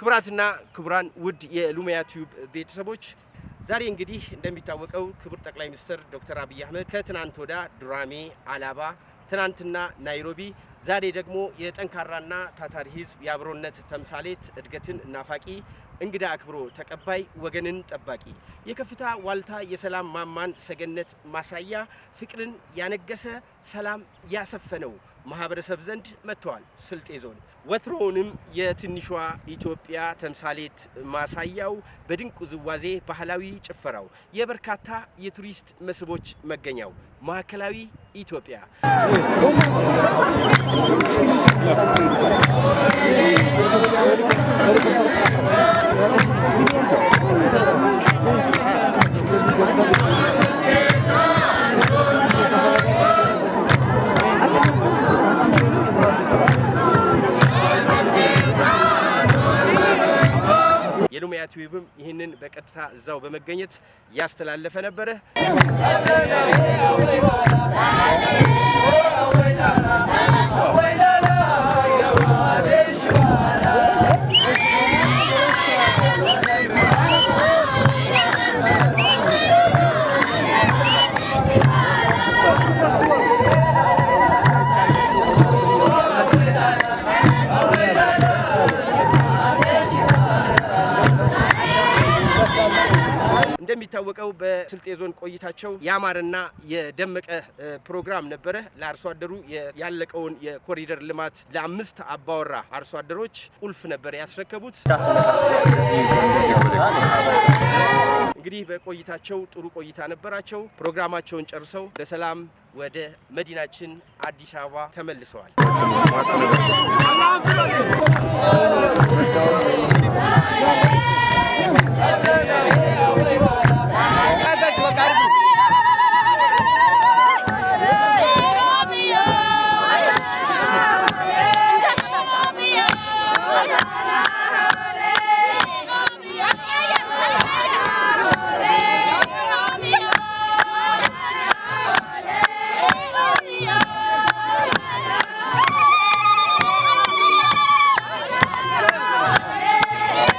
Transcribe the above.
ክቡራትና ክቡራን ውድ የሉሚያ ቲዩብ ቤተሰቦች ዛሬ እንግዲህ እንደሚታወቀው ክቡር ጠቅላይ ሚኒስትር ዶክተር አብይ አህመድ ከትናንት ወዳ ዱራሜ፣ አላባ፣ ትናንትና ናይሮቢ፣ ዛሬ ደግሞ የጠንካራና ታታሪ ህዝብ የአብሮነት ተምሳሌት እድገትን ናፋቂ እንግዳ አክብሮ ተቀባይ ወገንን ጠባቂ የከፍታ ዋልታ የሰላም ማማን ሰገነት ማሳያ ፍቅርን ያነገሰ ሰላም ያሰፈነው ማህበረሰብ ዘንድ መጥተዋል። ስልጤ ዞን ወትሮውንም የትንሿ ኢትዮጵያ ተምሳሌት ማሳያው በድንቅ ውዝዋዜ ባህላዊ ጭፈራው የበርካታ የቱሪስት መስህቦች መገኛው ማዕከላዊ ኢትዮጵያ ኦሮሚያ ቲቪም ይህንን በቀጥታ እዛው በመገኘት ያስተላለፈ ነበረ። እንደሚታወቀው በስልጤ ዞን ቆይታቸው ያማረና የደመቀ ፕሮግራም ነበረ። ለአርሶ አደሩ ያለቀውን የኮሪደር ልማት ለአምስት አባወራ አርሶ አደሮች ቁልፍ ነበር ያስረከቡት። እንግዲህ በቆይታቸው ጥሩ ቆይታ ነበራቸው። ፕሮግራማቸውን ጨርሰው በሰላም ወደ መዲናችን አዲስ አበባ ተመልሰዋል።